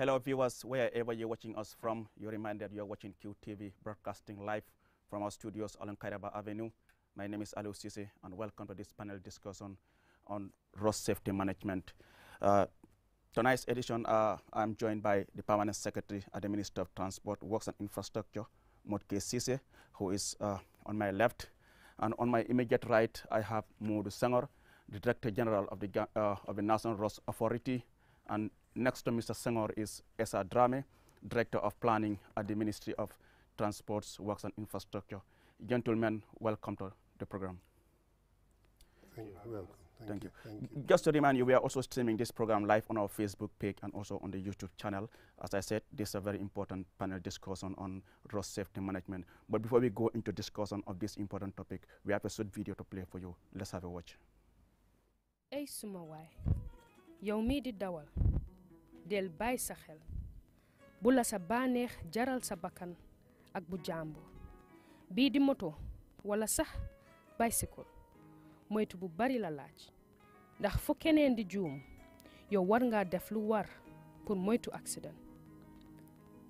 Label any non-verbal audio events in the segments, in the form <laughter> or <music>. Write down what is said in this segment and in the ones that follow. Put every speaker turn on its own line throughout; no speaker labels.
Hello viewers, wherever you're watching us from, you're reminded you're watching QTV broadcasting live from our studios along Kairaba Avenue. My name is Alu Sisi and welcome to this panel discussion on road safety management. Uh, tonight's edition, uh, I'm joined by the Permanent Secretary at the Ministry of Transport, Works and Infrastructure, Motke Sisi, who is uh, on my left. And on my immediate right, I have Mudu Sengor, the Director General of the, uh, of the National Roads Authority, and Next to Mr. Senghor is Esa Drame, Director of Planning at the Ministry of Transports, Works and Infrastructure. Gentlemen, welcome to the program.
Thank you. Welcome. Thank, Thank you. you. Thank Just
to remind you, we are also streaming this program live on our Facebook page and also on the YouTube channel. As I said, this is a very important panel discussion on road safety management. But before we go into discussion of this important topic, we have a short video to play for you. Let's have a watch.
Hey, Sumawai. Yow mii dawal del sa xel sa jaral sa ak bu di moto wala sax bicycle moytu bu bari la laaj ndax fu keneen di juum yow war def lu war pour moytu accident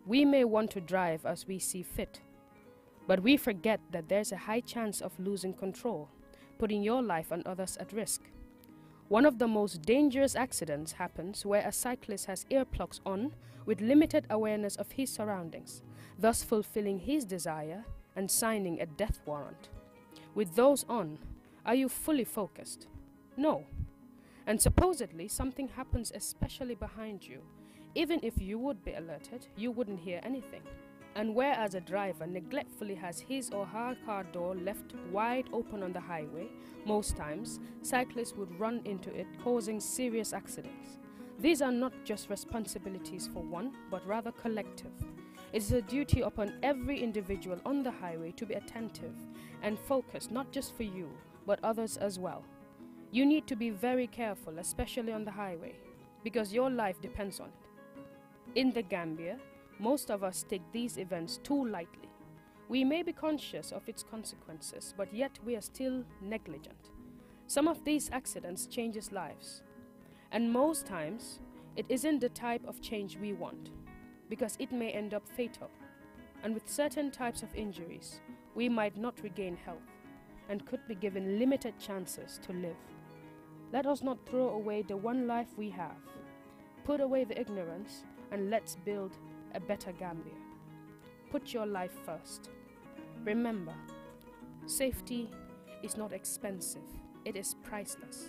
we may want to drive as we see fit but we forget that there's a high chance of losing control putting your life and others at risk one of the most dangerous accidents happens where a cyclist has earplugs on with limited awareness of his surroundings, thus fulfilling his desire and signing a death warrant. With those on, are you fully focused? No. And supposedly, something happens especially behind you. Even if you would be alerted, you wouldn't hear anything and whereas a driver neglectfully has his or her car door left wide open on the highway, most times cyclists would run into it, causing serious accidents. These are not just responsibilities for one, but rather collective. It is a duty upon every individual on the highway to be attentive and focused not just for you, but others as well. You need to be very careful, especially on the highway, because your life depends on it. In the Gambia, most of us take these events too lightly. We may be conscious of its consequences, but yet we are still negligent. Some of these accidents changes lives. And most times, it isn't the type of change we want, because it may end up fatal. And with certain types of injuries, we might not regain health and could be given limited chances to live. Let us not throw away the one life we have. Put away the ignorance and let's build a better Gambia. Put your life first. Remember, safety is not expensive, it is priceless.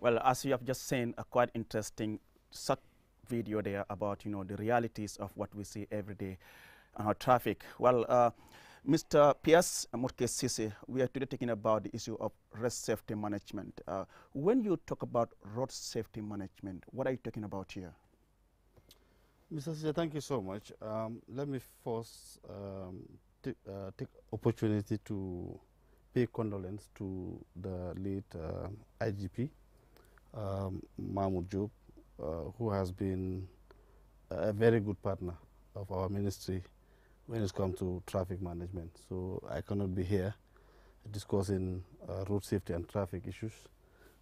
Well, as you have just seen, a quite interesting short video there about you know the realities of what we see every day on our traffic. Well. Uh, Mr. Pierce Murke we are today talking about the issue of road safety management. Uh, when you talk about road safety management, what are you talking about here?
Mr. Sisi, thank you so much. Um, let me first um, uh, take opportunity to pay condolence to the late uh, IGP, um, Mahmoud Job, uh, who has been a very good partner of our ministry when it comes to traffic management. So I cannot be here discussing uh, road safety and traffic issues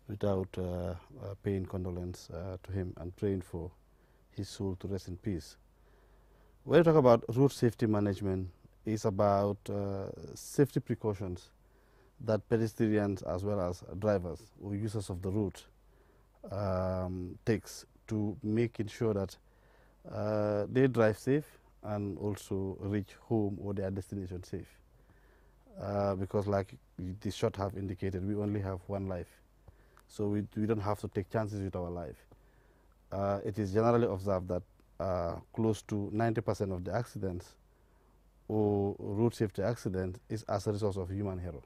without uh, uh paying condolence uh, to him and praying for his soul to rest in peace. When we talk about road safety management, it's about uh, safety precautions that pedestrians as well as drivers or users of the road um, takes to making sure that uh, they drive safe and also reach home or their destination safe. Uh, because like the shot have indicated, we only have one life. So we, we don't have to take chances with our life. Uh, it is generally observed that uh, close to 90% of the accidents or road safety accidents is as a result of human error.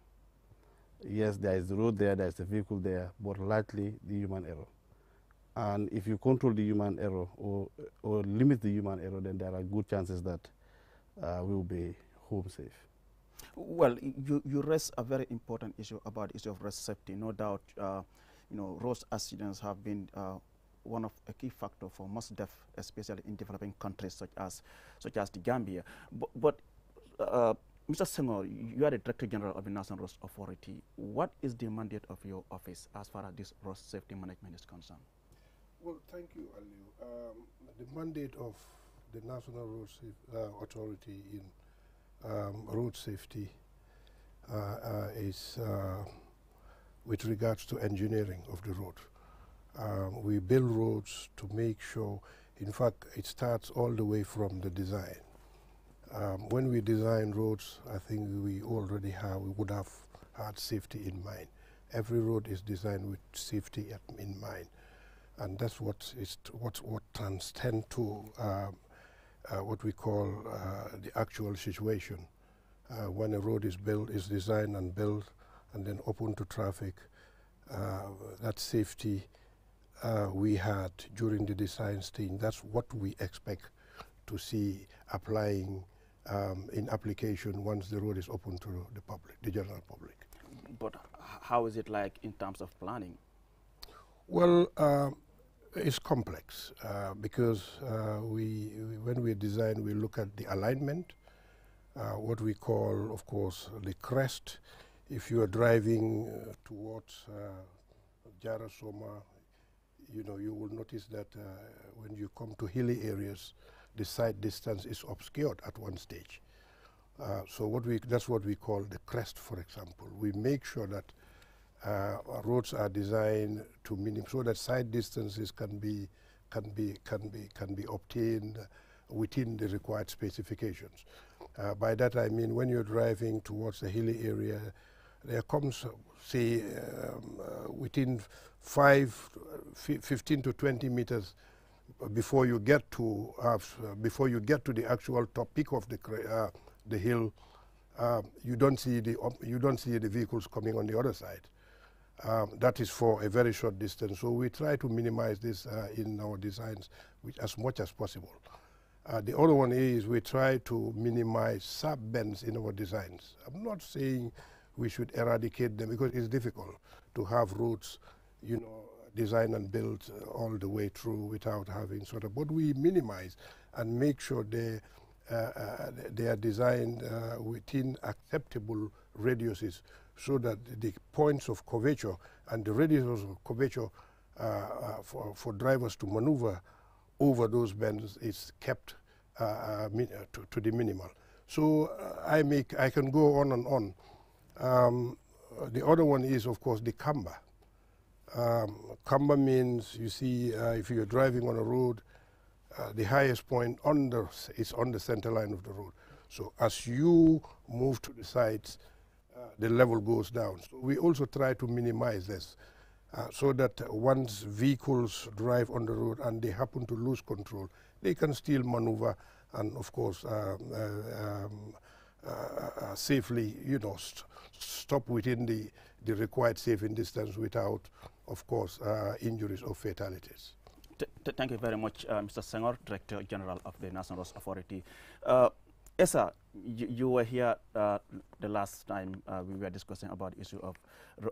Yes, there is the road there, there is the vehicle there, but largely the human error. And if you control the human error or, or limit the human error, then there are good chances that uh, we will be home safe.
Well, you, you raise a very important issue about issue of road safety. No doubt, uh, you know, road accidents have been uh, one of a key factor for most deaths, especially in developing countries such as such as the Gambia. But, but uh, Mr. Senor, you are the Director General of the National Road Authority. What is the mandate of your office as far as this road safety management
is concerned? Well, thank you, Aliu. Um, the mandate of the National Road Saf uh, Authority in um, road safety uh, uh, is uh, with regards to engineering of the road. Um, we build roads to make sure, in fact, it starts all the way from the design. Um, when we design roads, I think we already have, we would have had safety in mind. Every road is designed with safety in mind and that's what is what what tend to um, uh, what we call uh, the actual situation. Uh, when a road is built, is designed and built, and then open to traffic, uh, that safety uh, we had during the design stage, that's what we expect to see applying um, in application once the road is open to the public, the general public.
But how is it like in terms of planning?
Well, um, is complex uh, because uh, we, when we design, we look at the alignment, uh, what we call, of course, the crest. If you are driving uh, towards uh, Jarasoma, you know, you will notice that uh, when you come to hilly areas, the sight distance is obscured at one stage. so what we, that's what we call the crest, for example. We make sure that uh, roads are designed to minim so that side distances can be can be can be can be obtained within the required specifications. Uh, by that I mean when you're driving towards the hilly area, there comes, say, um, uh, within five, 15 to 20 meters before you get to uh, before you get to the actual top peak of the uh, the hill, uh, you don't see the you don't see the vehicles coming on the other side. Um, that is for a very short distance. So we try to minimize this uh, in our designs as much as possible. Uh, the other one is we try to minimize sub bends in our designs. I'm not saying we should eradicate them because it's difficult to have routes, you know, design and build uh, all the way through without having sort of, but we minimize and make sure they, uh, uh, they are designed uh, within acceptable radiuses so that the points of curvature and the radius of curvature uh, uh, for, for drivers to maneuver over those bends is kept uh, uh, uh to, to, the minimal. So I make I can go on and on. Um, the other one is of course the camber. Um, camber means you see uh, if you're driving on a road, uh, the highest point on the, is on the center line of the road. So as you move to the sides, the level goes down. So we also try to minimize this uh, so that once vehicles drive on the road and they happen to lose control, they can still maneuver and, of course, um, uh, um, uh, uh safely, you know, st stop within the, the required saving distance without, of course, uh, injuries or fatalities.
T thank you very much, uh, Mr. Senghor, Director General of the National Roads Authority. Yes, sir. You, you were here uh, the last time uh, we were discussing about the issue of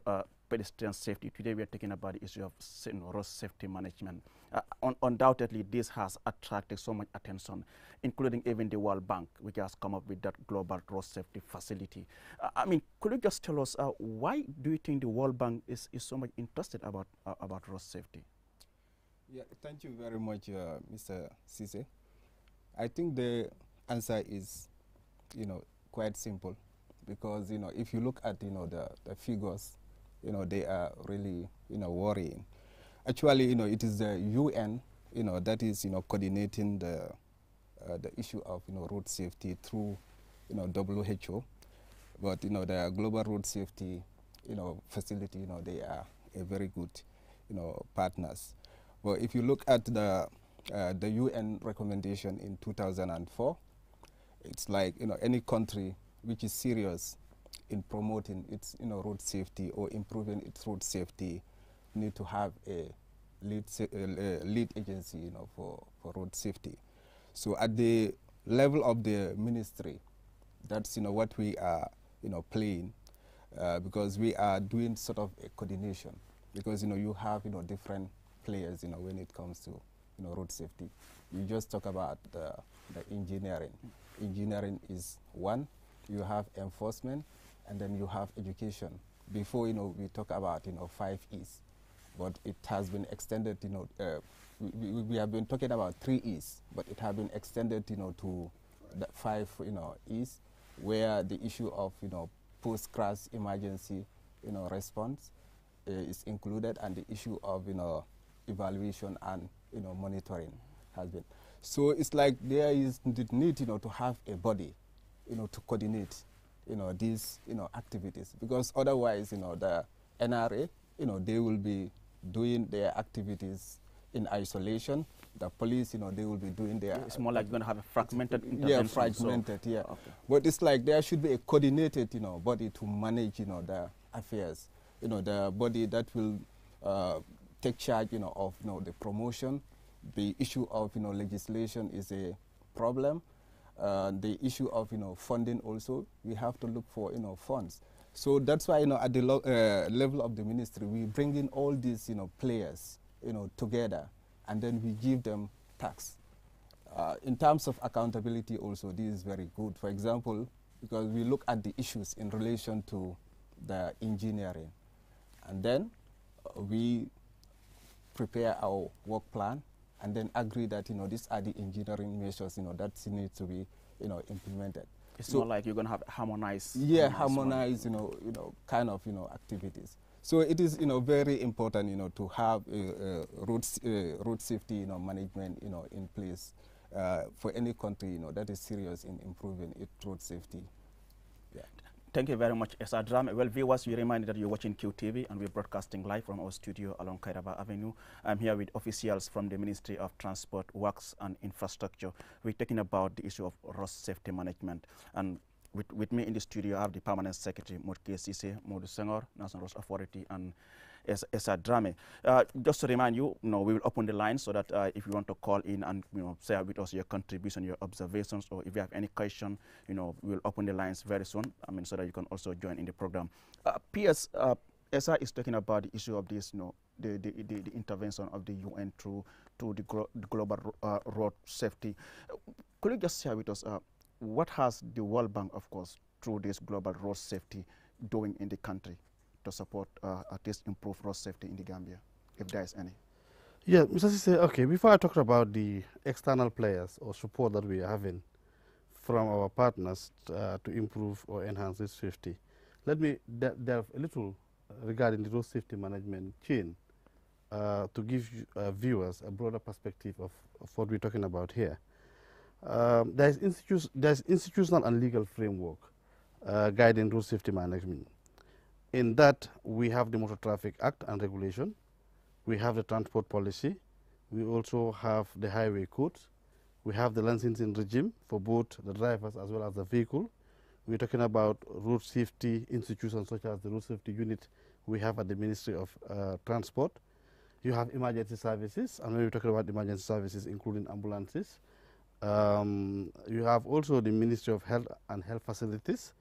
uh, pedestrian safety. Today we are talking about the issue of you know, road safety management. Uh, un undoubtedly, this has attracted so much attention, including even the World Bank, which has come up with that global road safety facility. Uh, I mean, could you just tell us uh, why do you think the World Bank is, is so much interested about about road safety?
Yeah, thank you very much, Mr. Cisse. I think the answer is, you know, quite simple because, you know, if you look at, you know, the, the figures, you know, they are really, you know, worrying. Actually, you know, it is the UN, you know, that is, you know, coordinating the, uh, the issue of, you know, road safety through, you know, WHO. But, you know, the global road safety, you know, facility, you know, they are a very good, you know, partners. But if you look at the, uh, the UN recommendation in 2004, it's like you know any country which is serious in promoting its you know road safety or improving its road safety need to have a lead a lead agency you know for for road safety so at the level of the ministry that's you know what we are you know playing uh, because we are doing sort of a coordination because you know you have you know different players you know when it comes to you know road safety you just talk about uh, the engineering engineering is one, you have enforcement, and then you have education. Before, you know, we talk about, you know, five E's, but it has been extended, you know, uh, we, we, we, have been talking about three E's, but it has been extended, you know, to the five, you know, E's, where the issue of, you know, post-crash emergency, you know, response uh, is included, and the issue of, you know, evaluation and, you know, monitoring has been. So it's like there is the need, you know, to have a body, you know, to coordinate, you know, these, you know, activities because otherwise, you know, the NRA, you know, they will be doing their activities in isolation. The police, you know, they will be doing their. It's more like you're going to have a fragmented Yeah, fragmented. So. Yeah. Okay. But it's like there should be a coordinated, you know, body to manage, you know, the affairs. You know, the body that will uh, take charge, you know, of you know the promotion the issue of you know legislation is a problem. Uh, the issue of you know funding also we have to look for you know funds. So that's why you know at the uh, level of the ministry we bring in all these you know players you know together and then we give them tax. Uh, in terms of accountability also this is very good. For example, because we look at the issues in relation to the engineering and then uh, we prepare our work plan and then agree that, you know, these are the engineering measures, you know, that need to be, you know, implemented. It's so not like you're going to have harmonized. Yeah, harmonise. you know, you know, kind of, you know, activities. So it is, you know, very important, you know, to have uh, uh, road, uh, road safety, you know, management, you know, in place for any country, you
know, that is serious in improving its road safety. Thank you very much, Esadram. Well, viewers, we remind that you're watching QTV and we're broadcasting live from our studio along Kairaba Avenue. I'm here with officials from the Ministry of Transport, Works and Infrastructure. We're talking about the issue of road safety management. And with, with me in the studio, I have the Permanent Secretary, Murke Sise, Modu Senghor, National Roads Authority, and as, as a drama. Uh, just to remind you, you know, we will open the line so that uh, if you want to call in and you know, share with us your contribution, your observations, or if you have any question, you know, we will open the lines very soon. I mean, so that you can also join in the program. Uh, PS, uh, ESA is talking about the issue of this, you know, the, the, the, the intervention of the UN through to the, glo the global uh, road safety. Could you just share with us uh, what has the World Bank, of course, through this global road safety doing in the country? to support uh, at least improve road safety in the Gambia, if there is any?
Yeah, Mr. Sisse, okay, before I talk about the external players or support that we are having from our partners uh, to improve or enhance this safety, let me de delve a little regarding the road safety management chain uh, to give uh, viewers a broader perspective of, of, what we're talking about here. Um, there's, institu there's institutional and legal framework uh, guiding road safety management. In that, we have the Motor Traffic Act and regulation, we have the transport policy, we also have the highway code, we have the licensing regime for both the drivers as well as the vehicle. We're talking about road safety institutions such as the road safety unit we have at the Ministry of uh, Transport. You have emergency services, and when we're talking about emergency services, including ambulances, um, you have also the Ministry of Health and Health Facilities.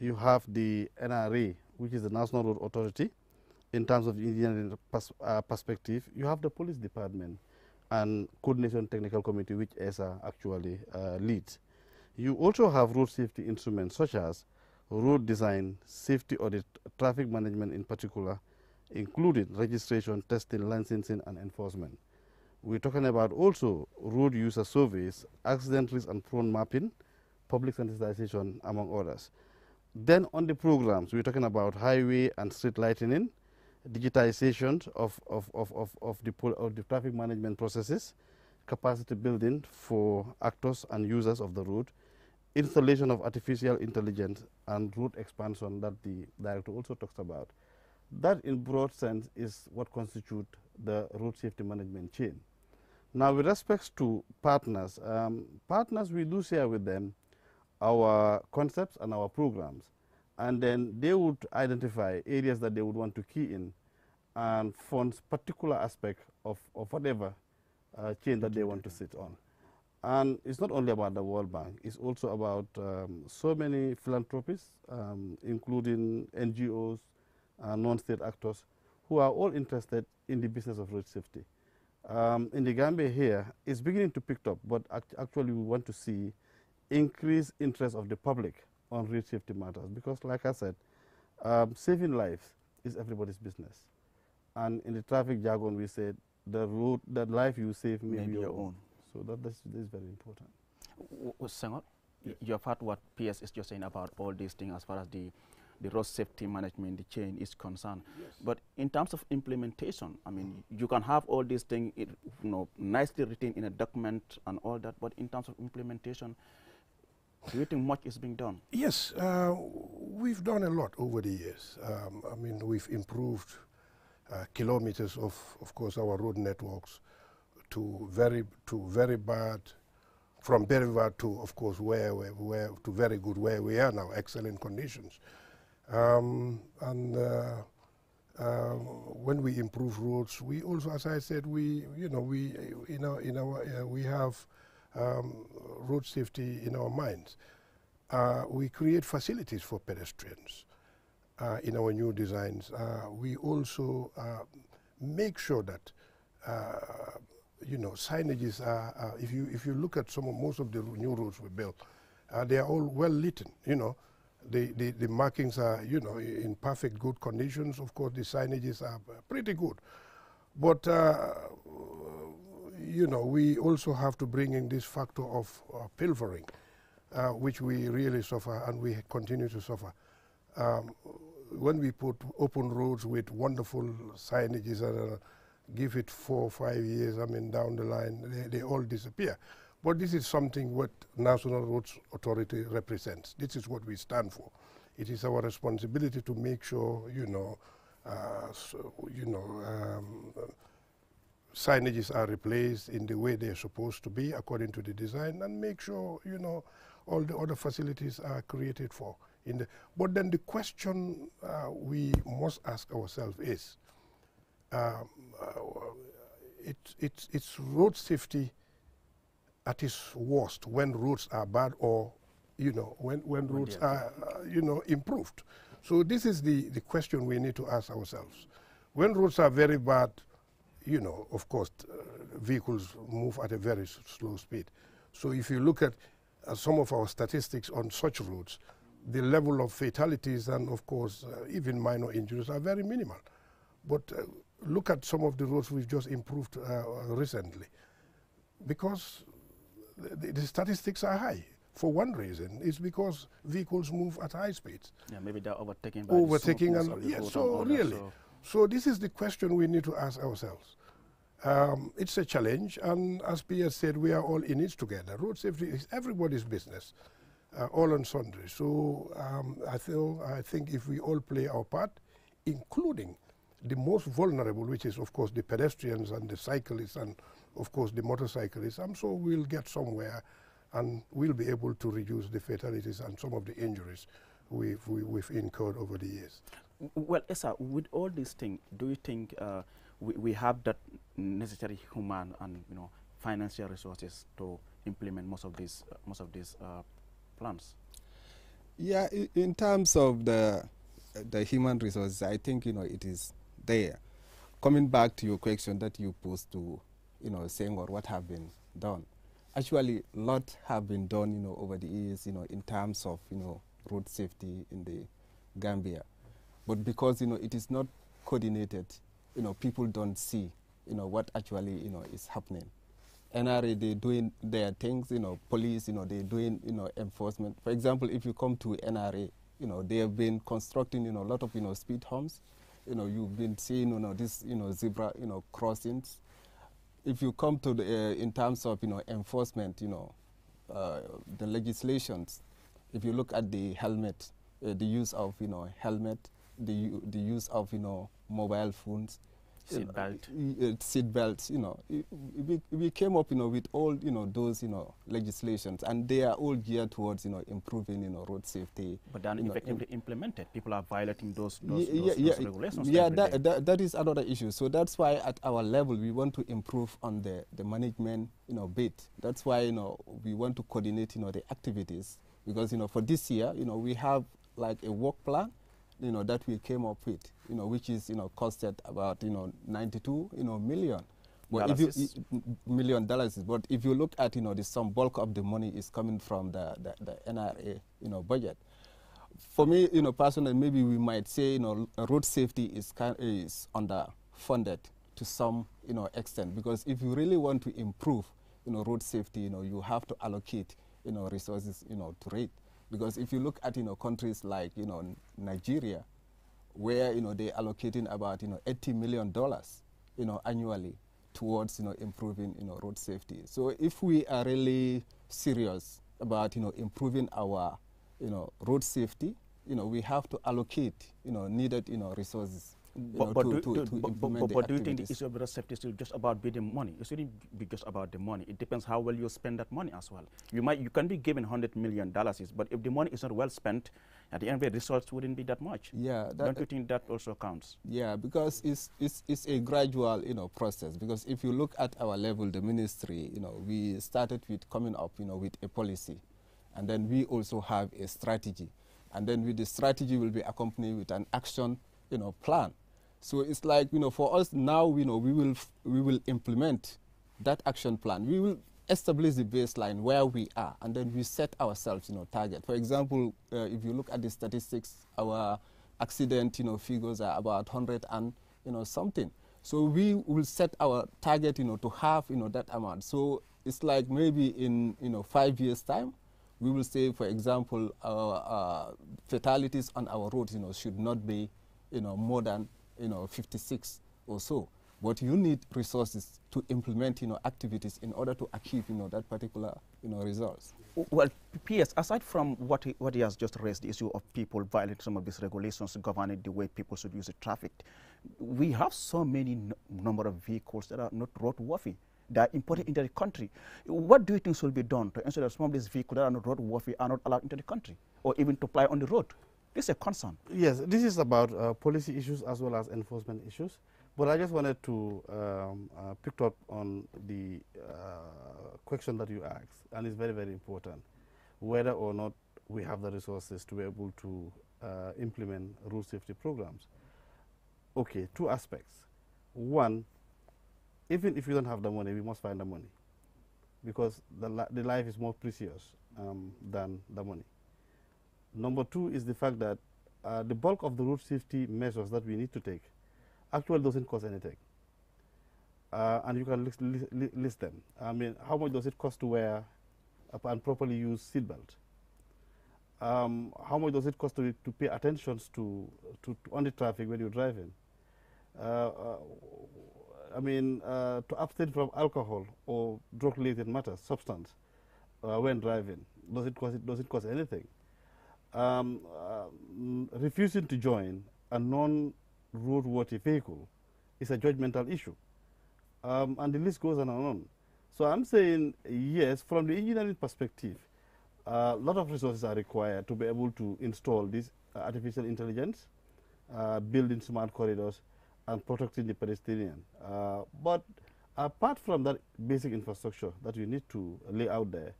You have the NRA, which is the National Road Authority, in terms of engineering pers uh, perspective, you have the police department and coordination technical committee, which ESA actually uh, leads. You also have road safety instruments such as road design, safety audit, traffic management in particular, including registration, testing, licensing, and enforcement. We're talking about also road user surveys, accident risk and prone mapping, public sensitization, among others. Then on the programs, we're talking about highway and street lighting, digitization of, of, of, of, of, the, of the traffic management processes, capacity building for actors and users of the road, installation of artificial intelligence and route expansion that the director also talks about. That in broad sense is what constitutes the road safety management chain. Now with respect to partners, um, partners we do share with them our concepts and our programs. And then they would identify areas that they would want to key in and fund particular aspect of, of whatever uh, change that they want to sit on. And it's not only about the World Bank, it's also about um, so many philanthropists, um, including NGOs, uh, non-state actors, who are all interested in the business of road safety. Um, in the Gambia here, it's beginning to pick up, but act actually we want to see increase interest of the public on road safety matters because, like I said, um, saving lives is everybody's business. And in the traffic jargon, we said the road, that life you save may, may be your, your own. own. So that, that's, very important.
W Sengot, yes. you have heard what PS is just saying about all these things as far as the, the road safety management, the chain is concerned. Yes. But in terms of implementation, I mean, you can have all these things you know, nicely written in a document and all that, but in terms of implementation, do you think much is being done?
Yes, uh, we've done a lot over the years. Um, I mean, we've improved uh, kilometers of, of course, our road networks to very, to very bad, from very bad to, of course, where, where, where to very good where we are now, excellent conditions. Um, and uh, um, when we improve roads, we also, as I said, we, you know, we, you know, in our, uh, we have um, road safety in our minds. Uh, we create facilities for pedestrians uh, in our new designs. Uh, we also uh, make sure that uh, you know signages are. if you if you look at some of most of the new roads we built, uh, they are all well lit. You know, the, the the markings are you know in perfect good conditions. Of course, the signages are pretty good, but you know, we also have to bring in this factor of uh, pilfering, uh, which we really suffer and we continue to suffer. Um, when we put open roads with wonderful signages and uh, give it four or five years, I mean, down the line, they, they all disappear. But this is something what National Roads Authority represents. This is what we stand for. It is our responsibility to make sure, you know, uh, so, you know, um, signages are replaced in the way they're supposed to be according to the design and make sure, you know, all the other facilities are created for. In the, but then the question uh, we must ask ourselves is, um, uh, it, it's, it's road safety at its worst when roads are bad or, you know, when, when roads yeah. are, uh, you know, improved. So this is the, the question we need to ask ourselves. When roads are very bad, you know, of course, uh, vehicles move at a very slow speed. So if you look at uh, some of our statistics on such roads, the level of fatalities and, of course, uh, even minor injuries are very minimal. But uh, look at some of the roads we've just improved uh, recently because the, the, statistics are high. For one reason, it's because vehicles move at high speeds.
Yeah, maybe they're overtaking by overtaking the and, yeah, so really. So.
so this is the question we need to ask ourselves um, it's a challenge, and as Pierre said, we are all in it together. Road safety is everybody's business, uh, all and sundry. So um, I, feel, I think if we all play our part, including the most vulnerable, which is, of course, the pedestrians and the cyclists and, of course, the motorcyclists, I'm sure we'll get somewhere and we'll be able to reduce the fatalities and some of the injuries we've, we, have incurred over the years.
Well, Esa, with all these things, do you think uh, we, we have that necessary human and you know financial resources to implement most of these uh, most of these uh, plans.
Yeah, in terms of the the human resources, I think you know it is there. Coming back to your question that you posed to, you know, saying or what have been done. Actually, a lot have been done, you know, over the years, you know, in terms of you know road safety in the Gambia, but because you know it is not coordinated you know, people don't see, you know, what actually, you know, is happening. NRA, they're doing their things, you know, police, you know, they're doing, you know, enforcement. For example, if you come to NRA, you know, they have been constructing, you know, a lot of, you know, speed homes. You know, you've been seeing, you know, this, you know, zebra, you know, crossings. If you come to the, uh, in terms of, you know, enforcement, you know, uh, the legislations, if you look at the helmet, uh, the use of, you know, helmet, the, the use of, you know, mobile phones. Seat belts, Uh, seat belts, you know. We, we came up, you know, with all, you know, those, you know, legislations, and they are all geared towards, you know, improving, you know, road safety. But they're effectively know, implemented. People are violating those, those, yeah, those, yeah, regulations. Yeah, that, that, that is another issue. So that's why at our level, we want to improve on the, the management, you know, bit. That's why, you know, we want to coordinate, you know, the activities. Because, you know, for this year, you know, we have like a work plan you know, that we came up with, you know, which is, you know, costed about, you know, 92, you know, million. But if you, million dollars, but if you look at, you know, the some bulk of the money is coming from the, the, the NRA, you know, budget. For me, you know, personally, maybe we might say, you know, road safety is, kind, is underfunded to some, you know, extent, because if you really want to improve, you know, road safety, you know, you have to allocate, you know, resources, you know, to it. Because if you look at you know countries like you know Nigeria, where you know they're allocating about you know 80 million dollars you know annually towards you know improving you know road safety. So if we are really serious about you know improving our you know road safety, you know we have to allocate you know
needed you know resources but, but, do, you think the issue of safety is just about bidding money? It shouldn't be just about the money. It depends how well you spend that money as well. You might you can be given hundred million dollars, but if the money is not well spent, at the end of the results wouldn't be that much. Yeah, that don't you think that also counts?
Yeah, because it's it's it's a gradual you know process. Because if you look at our level, the ministry, you know, we started with coming up, you know, with a policy, and then we also have a strategy, and then with the strategy will be accompanied with an action, you know, plan so it's like you know, for us now, you know, we will we will implement that action plan. We will establish the baseline where we are, and then we set ourselves, you know, target. For example, uh, if you look at the statistics, our accident, you know, figures are about 100 and you know something. So we will set our target, you know, to have you know that amount. So it's like maybe in you know five years time, we will say, for example, our uh, fatalities on our roads, you know, should not be, you know, more than you know, 56 or so. But you need resources to implement, you know, activities in order to achieve, you know, that particular, you know, results. Well,
P.S., aside from what he, what he has just raised, the issue of people violating some of these regulations governing the way people should use the traffic, we have so many number of vehicles that are not roadworthy that are imported into the country. What do you think should be done to ensure that some of these vehicles that are not roadworthy are not allowed into the country or even to ply on the road? This is a concern. Yes, this is about
uh, policy issues as well as enforcement issues. But I just wanted to um, uh, pick up on the uh, question that you asked, and it's very, very important, whether or not we have the resources to be able to uh, implement road safety programs. Okay, two aspects. One, even if you don't have the money, we must find the money because the, li the life is more precious um, than the money. Number two is the fact that uh, the bulk of the road safety measures that we need to take actually doesn't cost anything. Uh, and you can list, list, list, them. I mean, how much does it cost to wear and properly use seatbelt? Um, how much does it cost to, to pay attention to, to, to, on the traffic when you're driving? Uh, uh, I mean, uh, to abstain from alcohol or drug-related matters, substance, uh, when driving. Does it cost? Does it cost anything? um, uh, refusing to join a non-roadworthy vehicle is a judgmental issue. Um, and the list goes on and on. So I'm saying, yes, from the engineering perspective, a uh, lot of resources are required to be able to install this uh, artificial intelligence, uh, building smart corridors, and protecting the pedestrian. Uh, but apart from that basic infrastructure that we need to lay out there,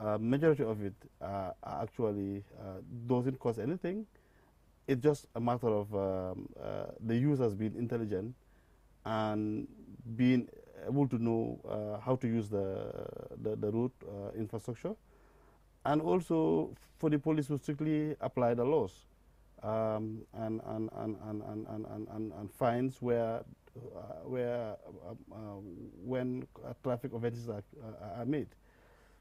uh, majority of it uh, actually uh, doesn't cost anything. It's just a matter of um, uh, the users being intelligent and being able to know uh, how to use the, the, the road infrastructure. And also for the police to strictly apply the laws um, and, and, and, and, and, and, and, and fines where uh, where uh, uh, when traffic offences are, are made.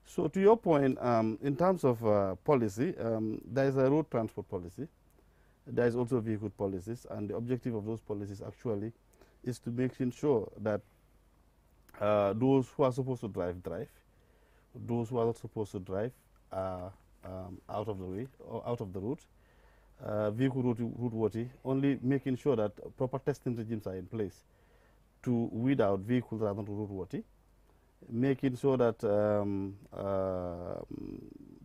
So to your point, um, in terms of uh, policy, um, there is a road transport policy. There is also vehicle policies, and the objective of those policies actually is to make sure that uh, those who are supposed to drive drive, those who are not supposed to drive are um, out of the way or out of the route. Uh, vehicle route, route worthy, only making sure that proper testing regimes are in place to weed out vehicles that are not route worthy making sure that um, uh,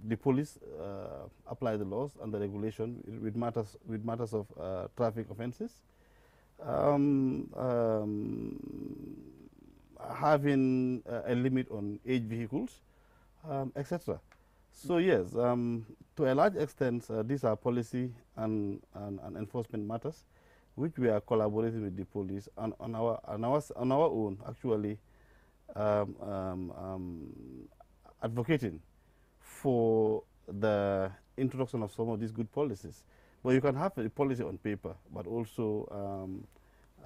the police uh, apply the laws and the regulation with matters with matters of uh, traffic offences. Um, um, having a limit on age vehicles, um, etc. So yes, um, to a large extent, uh, these are policy and, and, and, enforcement matters, which we are collaborating with the police and on our on our on our own actually um, um, um, advocating for the introduction of some of these good policies. But you can have a policy on paper,
but also um,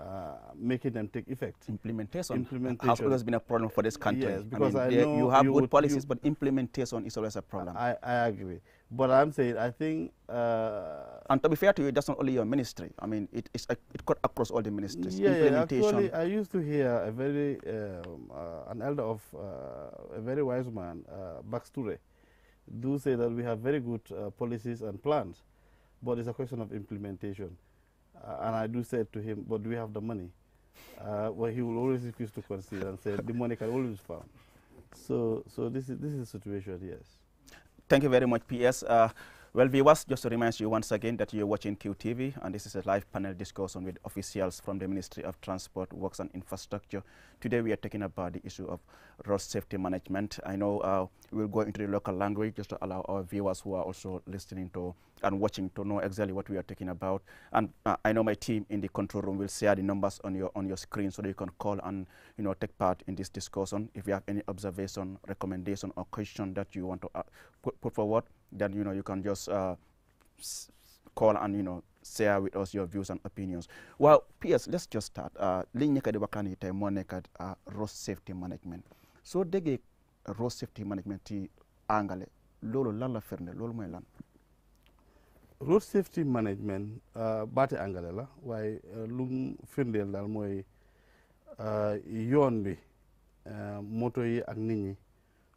uh, making them take effect. Implementation, implementation. has always been a problem for this country. Yes, because I, mean, I know you have you good policies, but implementation is always a problem. I, I agree. But I'm saying, I think... Uh, and to be fair to you, that's not only your ministry. I mean, it, it's, it cut across all the ministries. Yeah, implementation. Yeah, actually,
I used to hear a very, um, uh, an elder of uh, a very wise man, uh, Baksture, do say that we have very good uh, policies and plans, but it's a question of implementation. Uh, and I do say to him, but do we have the money? Uh, well, he will always refuse to consider and
say the money can always be found. So, so this is this is the situation. Yes. Thank you very much, P.S. Uh, well, viewers, just to remind you once again that you're watching QTV, and this is a live panel discussion with officials from the Ministry of Transport, Works and Infrastructure. Today we are talking about the issue of road safety management. I know uh, we'll go into the local language just to allow our viewers who are also listening to and watching to know exactly what we are talking about. And uh, I know my team in the control room will share the numbers on your on your screen so that you can call and you know take part in this discussion. If you have any observation, recommendation, or question that you want to uh, put forward, that you know you can just uh, call and you know share with us your views and opinions waaw PS let's just start uh, li ñu nekk di waxtaan yi tey moo nekk uh, road safety management soo déggee road safety management ci angale loolu lan la firnde loolu mooy lan. road safety management uh, baati
angale la waaye lu firnde firndeel mooy yoon bi moto yi ak nit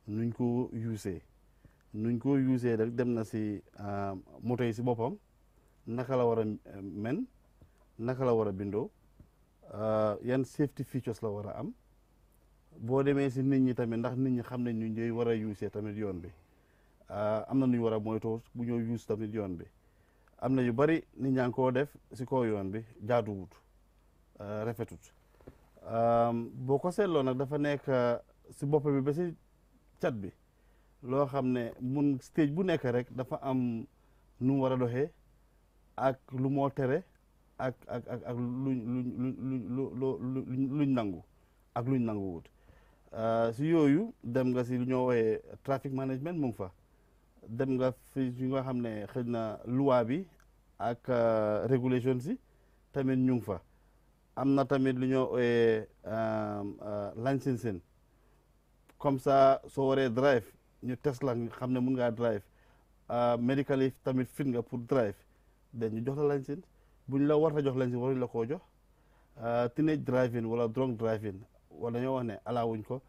ñi nuñ ko usee nuñ ko usee rek dem na si euh, moto yi si boppam naka la war a euh, men naka la war a bindoo euh, yan safety features la war a am boo demee si nit ñi tamit ndax nit ñi xam ne ñu ñuy war a usee tamit yoon bi am na nuñ war a moytoo bu ñoo use tamit yoon bi am na yu bari nit ñaa ngi koo def si kaw yoon bi jaaduwut rafetut boo ko seetloo nag dafa nekk si bopp bi ba si cat bi loo xam ne mun stage bu nekk rek dafa am nu mu war a doxee ak lu moo tere ak ak ak ak luñ luñ luñ luñ nangu ak luñ nangu wut euh, si yooyu dem nga si lu ñoo wooyee traffic management mu ngi fa dem nga fi ñu nga xam ne xëy na loi bi ak euh, régulation si tamit ñu ngi fa am na tamit lu ñoo wooyee euh, licensing comme ça soo waree drive ñu test la xam ne mun ngaa drive ah, médically tamit fit nga pour drive den ñu jox la license la war a jox license ñu la koo jox ah, teenage driving wala drunk driving wala ñoo wax ne alaawuñ ko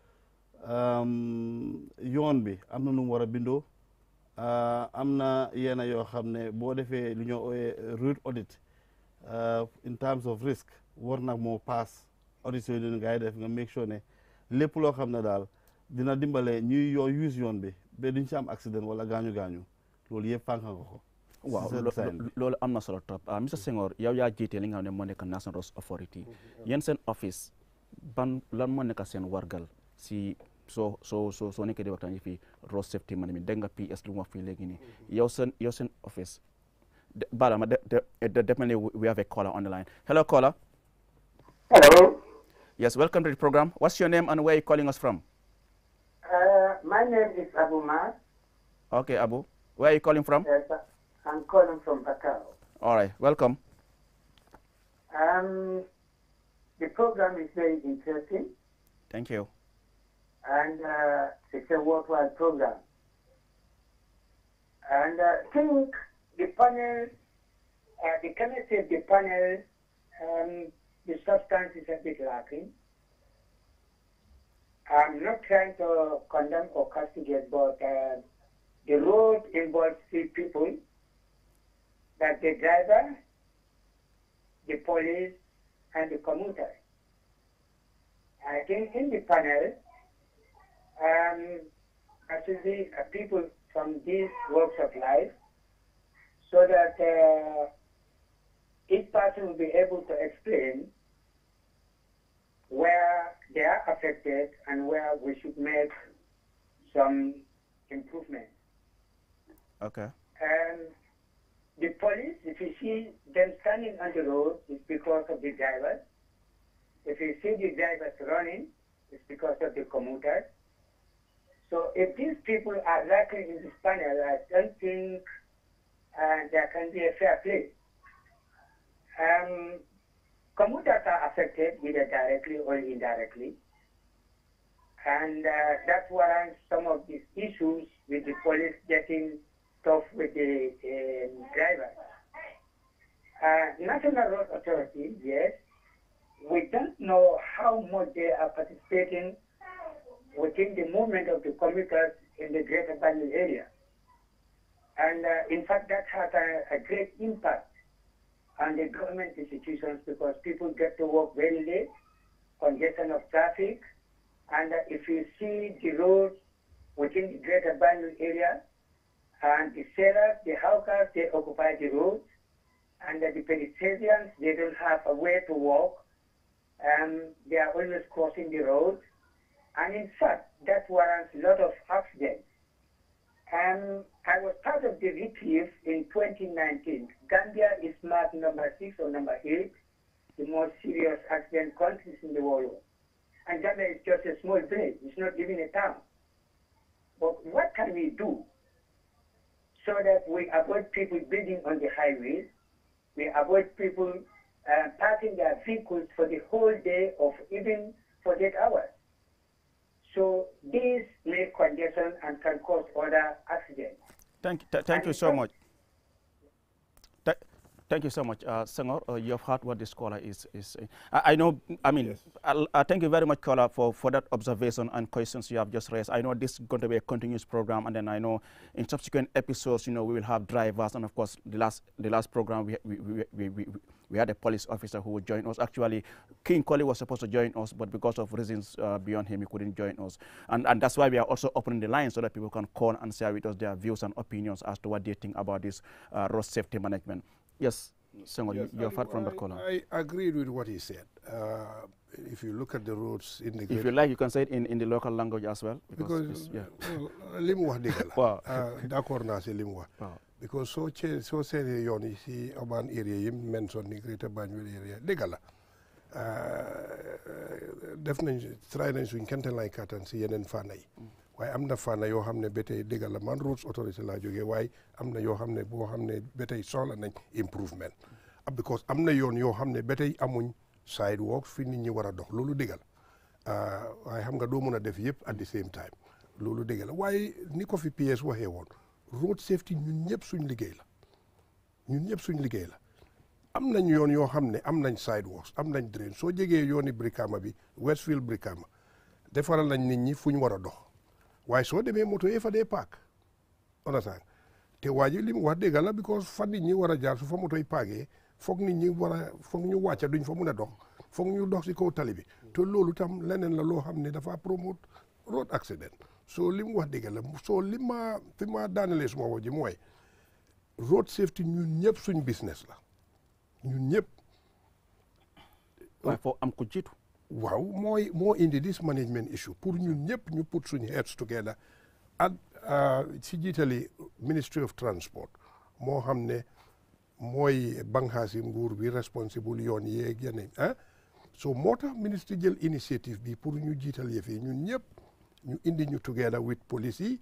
yoon bi am na num war a bindoo ah, am na yenn yoo xam ne boo defee lu ñoo ooyee route audit in terms of risk war nag moo pass audit yooyu noonu ngay def nga make sure ne lépp loo xam ne daal dina dimbale ñuy yoo use yoon bi ba duñ ci am accident wala gaañu
gaañu loolu yëpp fànk nga ko. waaw loolu am na solo trop ah, monsieur Senghor yow yaa jiite li nga xam ne moo nekk National Roads Authority yéen seen office ban lan moo nekk seen wargal si soo soo soo soo nekkee di waxtaan fii road safety management dégg nga PS lu mu fii léegi nii yow seen yow seen office Badama ma de definitely we have a caller on the line hello caller. yes welcome to the program what's your name and where are
Uh, my name is Abu Mas.
Okay, Abu. Where are you calling from?
Yes, I'm calling from Bakau.
All right, welcome.
Um, the program is very interesting. Thank you. And uh, it's a worldwide program. And I uh, think the panel, uh, the chemistry of the panel, um, the substance is a bit lacking. I'm not trying to condemn or castigate, but uh, the road involves three people, that the driver, the police, and the commuter. I think in the panel, um, actually uh, people from these walks of life, so that uh, each person will be able to explain where they are affected and where we should make some improvement. Okay. And the police, if you see them standing on the road, it's because of the drivers. If you see the drivers running, it's because of the commuters. So if these people are likely in this panel, I don't think uh, there can be a fair play. Um, Commuters are affected either directly or indirectly. And uh, that warrants some of these issues with the police getting tough with the um, drivers. Uh, National Road Authority, yes, we don't know how much they are participating within the movement of the commuters in the greater Banyan area. And uh, in fact, that had a, a great impact and the government institutions because people get to work very late, congestion of traffic, and if you see the roads within the greater Bangalore area, and the sellers, the hawkers, they occupy the roads, and the pedestrians, they don't have a way to walk, and they are always crossing the road, and in fact, that warrants a lot of accidents. Um, I was part of the reprieve in 2019 Gambia is marked number six or number eight, the most serious accident countries in the world. And Gambia is just a small village. It's not even a town. But what can we do so that we avoid people building on the highways, we avoid people uh, parking their vehicles for the whole day or even 48 hours. So this may congestion and can cause other accidents.
Thank, th thank you so much. Thank you so much, uh, Senghor. Uh, you've heard what the scholar is. is uh, I, I, know, I mean, yes. i uh, i uh, thank you very much, caller, for, for that observation and questions you have just raised. I know this is going to be a continuous program, and then I know in subsequent episodes, you know, we will have drivers, and of course, the last, the last program, we, we, we, we, we, we had a police officer who would join us. Actually, King Koli was supposed to join us, but because of reasons uh, beyond him, he couldn't join us. And, and that's why we are also opening the line so that people can call and share with us their views and opinions as to what they think about this uh, road safety management. Yes, Senghor, yes, you, are far from Barcola.
I, I agreed with what he said. Uh, if you look at the roots in the If you like,
you can say it in, in the local language as well. Because, because yeah. Uh, uh, limwa dikala. <laughs> Uh,
D'accord na se limwa. Because so che so se ne yoni si urban area yim mention ni greater Banjul area dikala. Def nañ try nañ suñ kente lay katan si yeneen fànn yi. Mm. waaye am na fànna yoo xam ne ba tey dëgg la man routes autorité laa jógee am na yoo xam ne boo xam ne ba tey soxla nañ improvement ah, because am na yoon yoo xam ne ba tey amuñ sidewalks fi nit ñi war a dox loolu dëgg la ah, waaye xam nga doo mën a def yëpp at the same time loolu dëgg la waaye ni ko fi PS waxee woon road safety ñëpp suñ liggéey la ñun ñëpp suñ liggéey la am nañ yoon yoo xam ne am nañ sidewalks am nañ drain soo jegee yooni kaama bi Westfield Brikama defaral nañ nit ñi fu ñu war a dox waaye soo demee moto yee fa dee paak understand te waa ji li mu wax dëgg la because fa nit ñi war a jaar su fa moto yi paakee foog nit ñi war a foog ñu wàcca duñ fa mun a dox foog ñu dox si kaw tali bi te loolu tam leneen la loo xam ne dafa promote road accident soo li mu wax dëgg la soo li ma fi ma daanelee suma wax ji mooy road safety ñun ñëpp suñ business la ñun ñëpp. waaye foo am ko jiitu. waaw mooy moo indi this management issue pour ñu ñëpp ñu put suñu heads together ak si uh, jiitali ministry of transport moo xam ne mooy banxaasi nguur bi responsible yoon yeeg yeneen ah so moo tax ministre jël initiative bi pour ñu jiital yëf yi ñun ñëpp ñu indi ñu together with police yi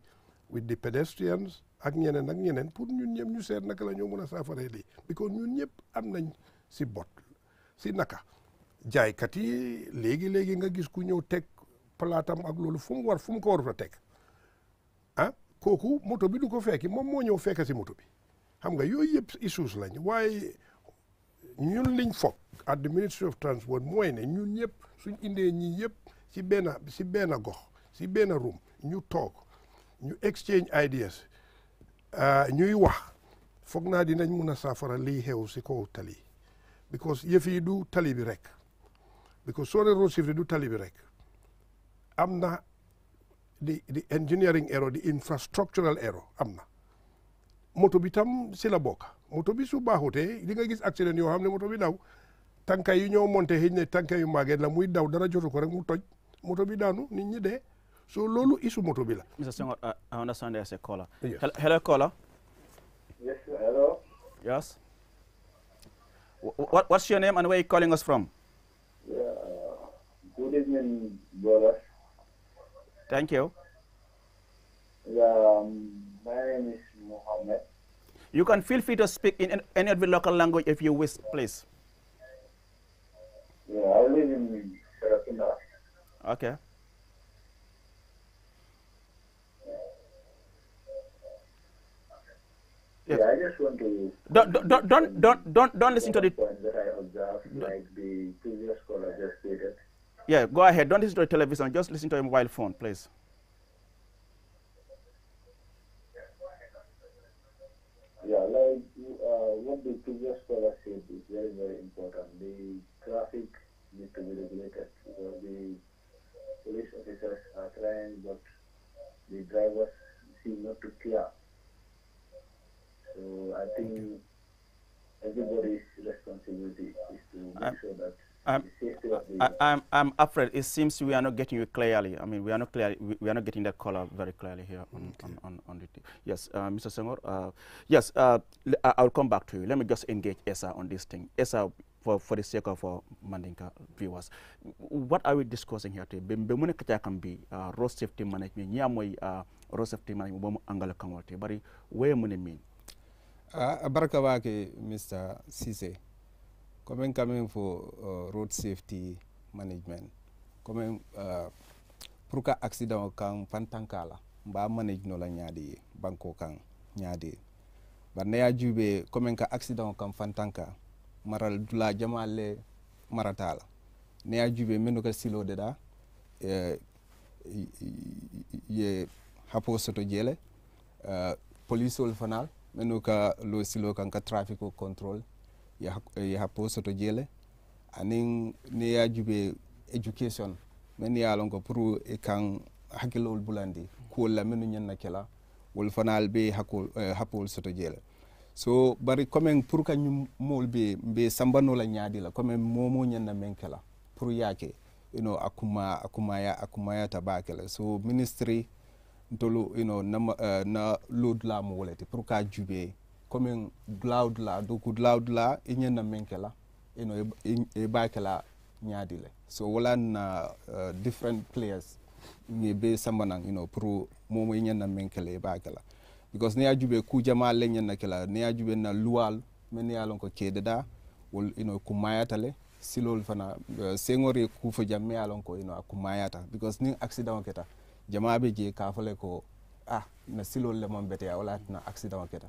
with the pedestrians ak ñeneen ak ñeneen pour ñun ñëpp ñu seet naka la ñoo mën a saafaree lii because ñun ñëpp am nañ si bot si naka jaaykat yi léegi léegi nga gis ku ñëw teg palaatam ak loolu fu mu war fu mu ko warut teg ah, kooku moto bi du ko fekki moom moo ñëw fekk si moto bi xam nga yooyu yëpp issues lañ waaye ñun liñ foog at the ministry of transport mooy ne ñun ñëpp suñ indee ñi yëpp si benn si benn gox si benn room ñu toog ñu exchange ideas ah, ñuy wax foog naa dinañ mun a saafara lii xew si kaw tali because yëf yi du tali bi rek because so leen road safety du tali bi the engineering error the infrastructural error amna. na moto bi tam si la bokk moto gis accident yoo xam ne moto tanka yu ñoo monte xëy tanka yu màgget la muida daw dara jotu ko rek mu toj moto so lolo isu moto la.
Mr. Senghor, I understand there's a caller. Yes. Hello, caller.
Yes, hello.
Yes. What, what's your name and where are you calling us from?
Good evening, brother. Thank you. Yeah, um, my name is Mohammed.
You can feel free to speak in any of the local language if you wish, please.
Yeah, I live in Serapina.
Okay. Yeah, I just want to. Don't don't don't don't don't, don't listen to the.
that I observed, like the previous caller just stated.
Yeah, go ahead. Don't listen to the television. Just listen to your mobile phone, please.
Yeah, like uh, what the previous caller said is very, very important. The traffic needs to be regulated. the police officers are trying, but the drivers seem not to care. So I think everybody's responsibility is to make I'm uh, sure that i I,
I'm, I'm afraid it seems we are not getting you clearly. I mean, we are not clearly, we, we are not getting that color very clearly here on, okay. on, on, on, the Yes, uh, Mr. Senghor. Uh, yes, uh, I'll come back to you. Let me just engage ESA on this thing. ESA, for, for the sake of our uh, Mandinka viewers, what are we discussing here today? Bemune kata be uh, road safety management. Niyamoi uh, road safety management. Bomo angala kamwate. Bari, where mune mean? Baraka ke, Mr. Sise. quand
coming for fo uh, road safety management quand uh, pour ka accident kan pantanka la mba manage no la nyaade banko kan nyaade bar ne ya jube quand ka accident kan fantanka maral dula jamale maratala ne ya jube menu ka silo de da e, ye hapo soto jele uh, police ol fanal menu ka lo silo kan ka traffic control yaha poste to jeele anin neyajuɓe éducation min yalongo pour e kan hakkillowol bulandi kuwolla min no ñanna kela wol fanal ɓe happowol eh, soto jeele so bari commen pour kañummol ɓe mbe sambanola ñaadila commen momo ñanna men kela pour yaake ino akuma akumaya akumaya taba kela so ministre ntolu ino eh, na lodulamo wolete pour ka juɓee komin glawdula doku glawdula i ñen na meŋ ke la ino i baa ke la ñaadi le so wala na uh, different players ŋe be samba naŋ ino pour momo i ñen na meŋ ke i baa ke because ne ye jube ku jamaa le ñen na ke la ne jube na luwal meŋ ne ye a ko keedada wol ino kumayata le silol fana uh, seŋor kuu fo jam me ye lon loŋ ko no a kumayata because niŋ accident keta jamaa be jee kaa fo le ko ah na silol le maŋ beteya wala tina accident keta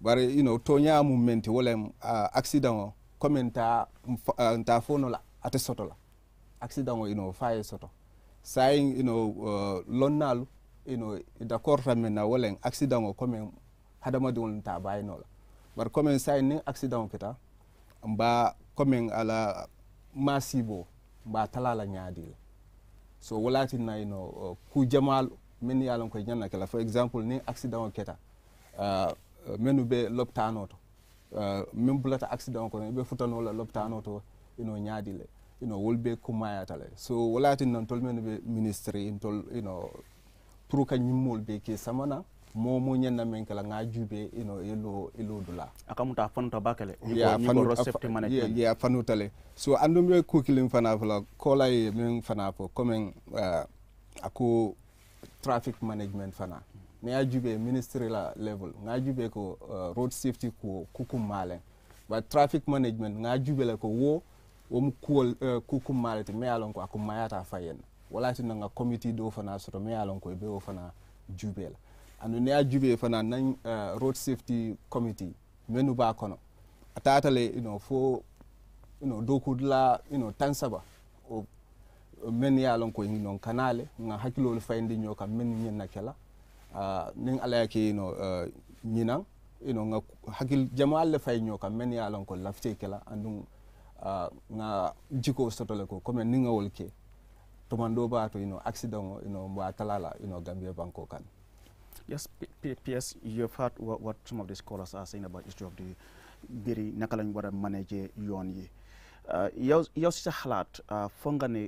bari you know toña mum menti wolem uh, accident o comme ta uh, nta fonola ate soto la accident o you know faye soto sayin you know uh, lonnalu you know d'accord tan men na wolen accident o comme hadamadiŋol ta bayino la bari comme sayin niŋ accident o kita mba comme ala masibo mba tala la ñaadi la so wolatinna you know uh, ku jamaalu min ye a lon koye ñanna kela for example niŋ accident o keta uh, menu be loptano to uh, eh, min bulata accident be futano la loptano to ino ñaadi le ino be kummayata le so walatin non tol menu be ministry in tol ino pour ka ñimmol be ke samana mo mo ñanna men kala nga juube ino yelo
elo dula akamuta fanuta bakale ya fanuta safety management ya
fanuta le so andum be kukilin fana fala la e min fana fo comme uh, eh, ako traffic management fana ne ya jube ministry la level nga jube ko uh, road safety ko kukum male ba traffic management nga jube la ko wo wo mu kuol uh, kukum male te me ko akum mayata fayen wala tin nga committee do fana soto me ko be fana jube la anu ne ya jube fana nan uh, road safety committee menu ba kono atatale you know fo you know dokudla you know tansaba o men ya lon ko non kanale nga hakilolu fayndi nyoka men nyen nakela Ah, nin ala ke yino ñinan ino nga hakil jama alle fay ñoo kam men ya lon ko lafte kala andum ah, nga jiko sotole ko comme ni nga wol ke to do baato ino accident ino mba
talala ino gambia banko kan yes ps you've heard what, what some of the scholars are saying about history of the biri naka lañ war a manager yoon yi ah, yow yow si sa xalaat fo nga ne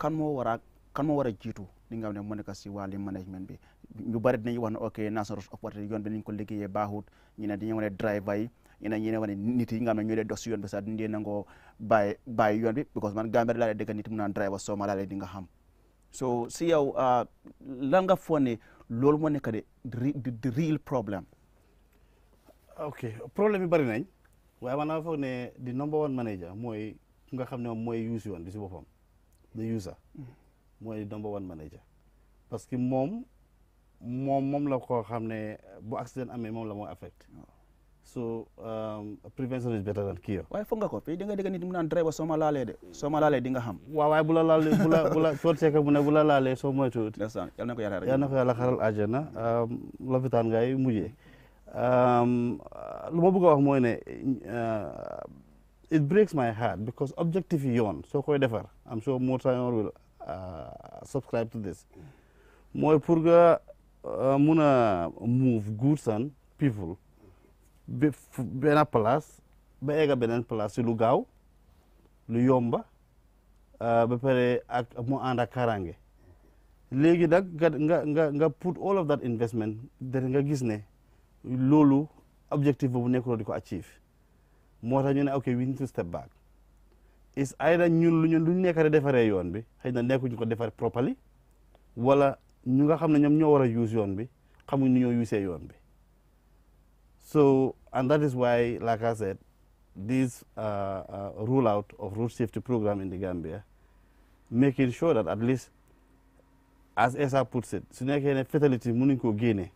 kan moo war kan moo war a jiitu li nga xam ne mu nekk si wàllu management bi ñu bari dinañu wax ne ok national road opportunity yoon bi nañ ko liggéeyee baaxut ñu ne dañu wane driver ne ñu ne wane nit yi ne ñoo dee bi sax duñ dee nangoo bàyyi bi because man Gambia laa dee dëgg nit mu naan driver soo ma laa di nga si yow ah, lan nga foog ne loolu moo nekk di real problème
ok problème yi bari nañ waaye man naa foog ne di number one manager mooy ku nga xam ne moom mooy use yoon bi si boppam the user mm. mooy number one manager parce moom moom moom la ko xam ne bu accident amee moom la mooy affecté oh.
so um, prevention is better than cure. waaye foog nga ko fii di nga dégg nit mu naan driver soo ma laalee de soo ma laalee di nga xam.
waaw waaye bu la laalee bu la bu la soo seekee mu ne bu la laalee soo moytuwul.
ndeysaan yal na na ko
yàlla xaral àjjana um, lopitaan ngay mujjee um, lu ma bëgg wax mooy ne uh, it breaks my heart because objectif yoon soo koy defar am sure Mor Tayor will uh, subscribe to this mm. mooy pour nga. Eh, muna move goods and people be bena place be ega benen place si lu gaw lu yomba eh, be pare ak mu anda karange legui nak nga nga nga put all of that investment der nga gis ne lolu objective boobu nekko di ko achieve motax ñu ne okay we need to step back is either ñun lu ñu lu ñu nekk yoon bi xeyna na ñu ko defare properly wala ñu nga xam ne ñoom ñoo war a use yoon bi xamuñ nu ñoo usee yoon bi so and that is why like I said this uh, uh, rule out of road safety program in the Gambia making sure that at least as ESA puts it su nekkee ne fatality mënuñ koo génne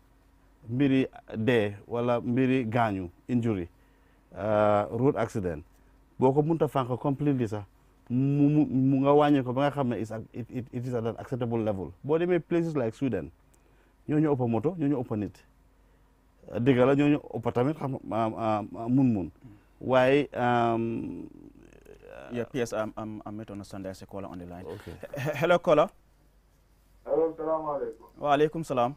mbiri dee wala mbiri gaañu injury uh, road accident boo ko mënut a fànq completely sax mu mu nga wàññi ko ba it it is at an acceptable level But in places like Sweden ñoo ñu ëpp moto ñoo ñu ëpp nit dëgg la ñoo ñu ëpp
tamit xam mun-mun waaye. yeah, PS, I'm, I'm, I'm met on a Sunday as a caller on the line. Okay. hello, caller.
Hello, salam alaikum.
Wa alaikum salam.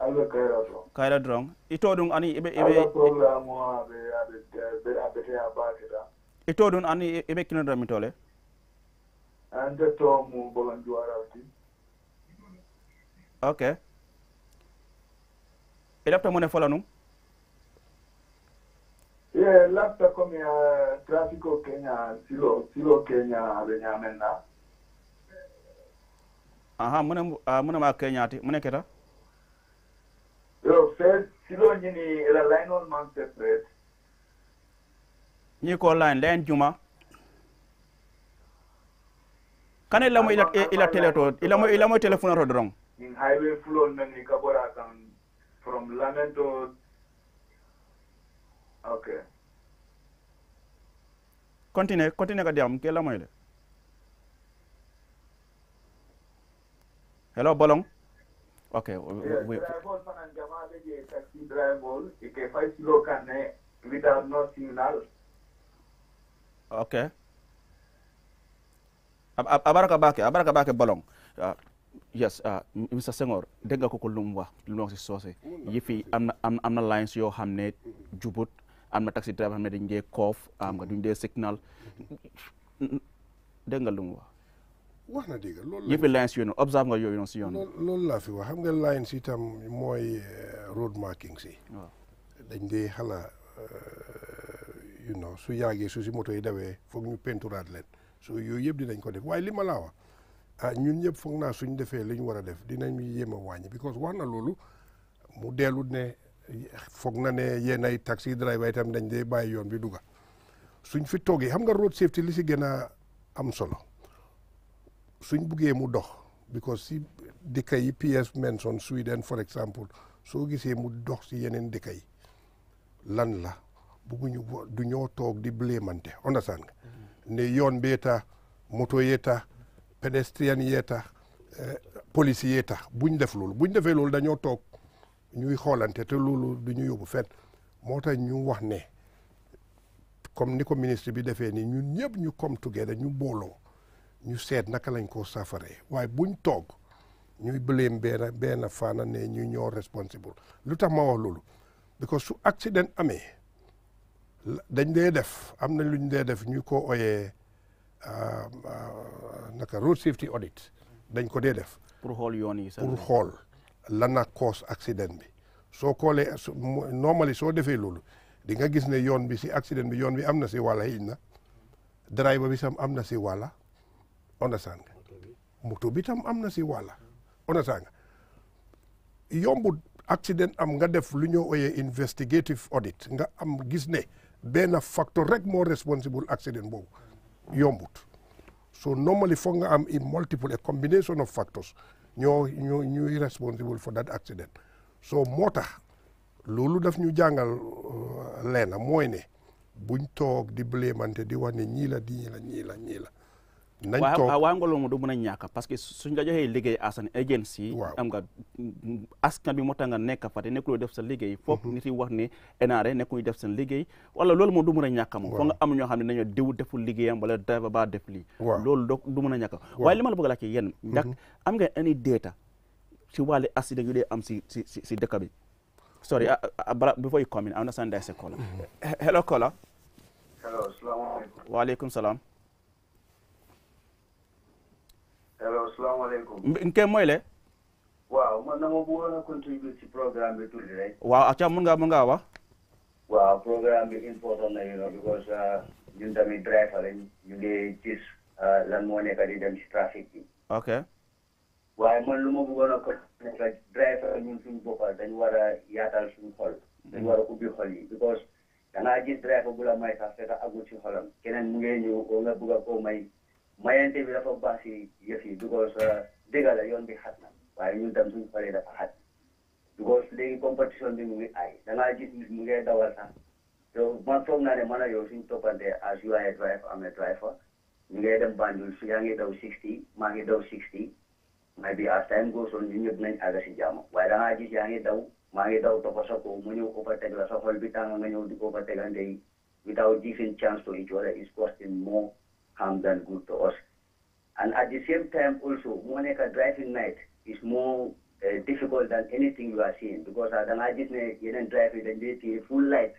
Hello, Kaira Drong.
Kaira Drong. Ito dung ani ibe ibe. Hello, problem
mo abe abe abe abe abe abe abe
e to ɗon an e ɓekkinoɗami tole
ande to mum bolan juwarawti
ok e ɗafta mone fola num
ye lafta comme trafic o kenya silo silo kenya ɓe ñamen na
aha mune munema ah, keñati mune keta
yo fe silo ñini ela laynol man seprate
ñi ko lan len juma
kane ilamo ila ila
teleto ilamo ilamo telephone to dron
in highway flow nan ni kabora kan from lamen to okay
continue continue ka diam ke lamoy le hello bolong okay yeah, we, we,
driver, taxi driver, we, driver, we, driver, we, driver, no signal
okay a baraka baake a baraka baake bolong ah, yes ah, Mr Senghor dégg nga ko ko lu mu wax lu mu wax si soose yi am na am na lines yoo xam ne jubut am na taxi driver xam ne dañ dee koof am nga duñ dee signal dégg nga lu mu
wax na dégg loolu la yëpp lines yooyu noonu
observe nga yooyu noonu si yoon
loolu xam nga lines itam eh, you su yàggee su si moto yi dawee foog ñu penturaat leen so yooyu yëpp dinañ ko def waaye li ma laa wax ah ñun ñëpp foog naa suñ defee li war a def dinañ yéem a wàññi because wax na loolu mu dellu ne foog na ne yéen ay taxi driver itam dañ dee bàyyi yoon bi duga suñ fi toogee xam nga road safety li si gën a am solo suñ buggee mu dox because si dëkk yi PS mention Sweden for exemple soo gisee mu dox si yeneen dëkk yi lan la bugguñu du ñoo toog di on understand nga ne yoon bee tax moto yee tax pédestrian yee tax eh, police yee tax buñ def loolu buñ defee loolu dañoo toog ñuy xoolante te loolu du ñu yóbbu fenn moo tax ñu wax ne comme ni ko ministre bi defee nii ñun ñëpp ñu come together ñu booloo ñu seet naka lañ koo safaree waaye buñ toog ñu bëleem benn benn faana ne ñu ñoo responsible lu tax ma wax loolu because su accident amee dañ dee def am na lu ñu dee def ñu ko oyee euh, naka road safety audit dañ ko dee def. pour xool yoon yi pour xool lan la cause accident bi soo koolee normally soo defee loolu di nga gis ne yoon bi si accident bi yoon bi am na si wàlla xëy na driver bi sam am na si wàlla understand nga moto bi tam am na si wàlla understand nga yombut accident am nga def lu ñoo ooyee investigative audit nga am gis ne. a factor, rek more responsible accident your yombut so normally foog nga am in multiple a combination of factors ñoo you ñuy responsible for that accident so motor, lulu loolu daf ñu jàngal euh, leena mooy ne buñ toog di blémante di wax la di la ni la ni la nañ ko
waaw nga loolu du ñàkk parce que suñ la joxee liggéey as an agency. am nga askan bi moo tax nga nekk fa te nekkuloo def sa liggéey. Mhm. foog nit yi wax ne NRA nekkuñu def seen liggéey. wala loolu moom du mën a ñàkk moom. foog nga am ñoo xam ne dañoo diw deful liggéeyam wala driver ba def lii. loolu do du na a ñàkk waaye li ma la bëgg a laajte yéen. Mhm. am nga any data ci wàllu accident yu dee am si si si dëkk bi. sorry ah, ah, ah, bala before you come in I understand there's a caller. Mhm. hello caller.
hello salaam. allo salaamaaleykum.
Nké mooy le.
waaw man dama bëggoon a contribuer programme bi tuuti rek.
waaw acca mun ngaa mun ngaa wax.
waaw programme bi important na you know because uh, ñun tamit driver lañ ñu ngi gis uh, lan moo nekk di dem waaye man lu ma bëggoon a contribuer driver ñun suñu boppal dañu war a yaatal suñu xol. dañu war a ubbi xol yi because dangaa gis driver bu la may sax fekk agul ci xolam. keneen mu ngi ñëw ko a may. mayante bi dafa baax si yëf yi because uh, dëgg la yoon bi xat na waaye ñun tam suñu paree dafa xat because léegi compétition bi mu ngi ay da ngaa mu ngi dawal sax te man foog naa ne man ak yow suñu toppante as you are a driver am a driver ñu ngi dem Banjul su yaa ngi daw 60 maa ngi daw 60 may bi as time goes on ñun ñëpp nañ àgg si jàmm waaye da ngaa gis yaa ngi daw maa ngi daw topp sa kaw mu ñëw overtake la sa xol bi tàng nga ñëw di overtake ande without giving harm than good to us. And at the same time also, Moneka driving night is more uh, difficult than anything you are seeing because at an agent eh, you don't drive it and they full light.